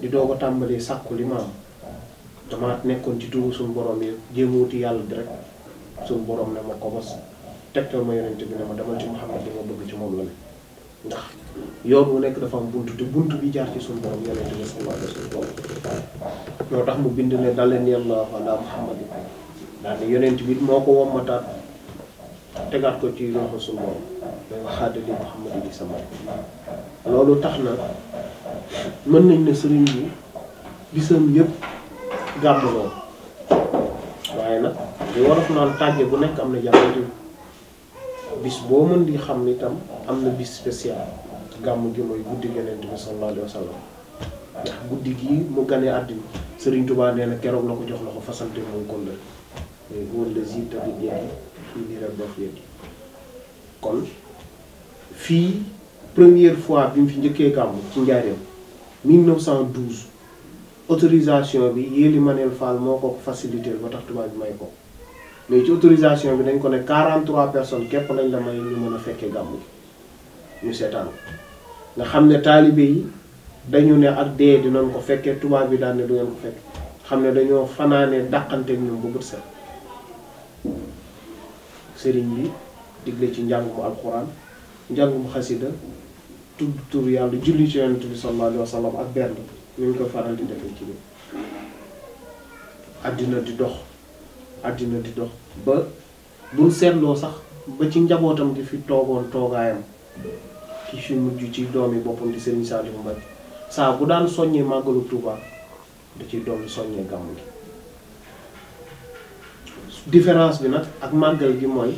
di doo a tàmbalee sàkku li maam dama nekkoon ci turu suñu borom yi jéem wuti yàlla bi rek borom ne ma ko bas tegtal ma yonente bi ne ma demal ci Muhammad li ma bëgg ci moom la ne ndax yoon nekk dafa bunt bi jaar ci suñu borom yonente bi sallallahu alayhi wa sallam moo mu bind ne dal leen yàllaahu ala Muhammad daal ne yonent moo ko wommataat tegaat ko ci loxo suñu borom day waxaadali Muhammad bi sama loolu tax na mën nañ ne sëriñ bi bisam yépp gàmm lool waaye nag li wolof naan tàgge bu nekk am na jamono bis boo mën di xam ni itam am na bis spécial gàmm gi mooy guddi yonent bi sallallahu alayhi wa sallam guddi gii mu ganee àddina sëriñ Tuubaa nee na keroog la ko jox la ko fasante mooy kóllëre mais góor la zi tamit yéen fii nii rek daf yéen kon fii première fois bi mu fi njëkkee gàmm ci njaareem 1912 autorisation bi Yéeli Manel Fall moo ko facilité ba tax tubaab bi may ko mais ci autorisation bi dañ ko ne 43 personnes képp lañ la may ñu mën a fekkee gàmmu ñu seetaan nga xam ne taalibe yi dañu ne ak dee dinañ ko fekkee tubaab bi daan ne du ngeen ko fekkee xam ne dañoo fanaanee dàqante ak ñoom ba bët set sëriñ bi digle ci njàng njàngum alxuraan njàngum xasida tudd tur yàlla julli ci yonent bi sallallahu ak benn ni ñu ko faral di defee ci biir àddina di dox àddina di dox ba buñ seetloo sax ba ci njabootam gi fi toogoon toogaayam ki fi mujj ci doom yi boppam di Serigne Saliou Mbaye saa bu daan soññee màggalu Touba da ciy doom soññee gàmmu gi différence bi nag ak màggal gi mooy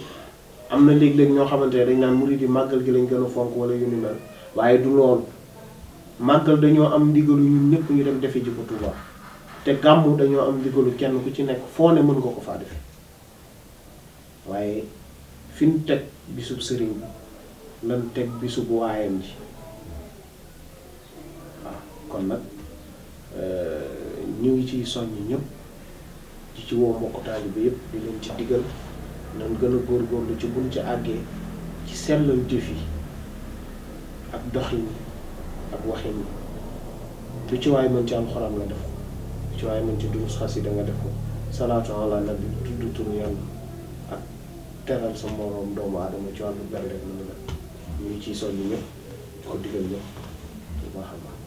am na léeg-léeg ñoo xamante ne dañ naan murid di màggal gi lañ gën a fonk wala yu ni mel waaye du lool màggal dañoo am ndigalu ñun ñëpp ñu dem defe ji ko Tuubaa te gàmmu dañoo am ndigalu kenn ku ci nekk foo ne mën nga ko faa defe waaye fi teg bisub sëriñ bi lan teg bisub waayam ji waaw kon nag euh, ñu ngi ciy soññ ñëpp di ci woo mbokk taalibe yëpp di leen ci digal nan gën a góorgóorlu ci buñ ci àggee ci sellal jëf yi ak doxin ak waxin lu ci waay mën ci alxuraan la def ko lu ci waay mën ci durus xasida nga def ko salaatu ala nabi tudd turu yàlla ak teral sa moroom doomu aadama ci wàllu bernde rek la ñu ngi ciy soññ ñëpp di ko digal ñëpp bu baax a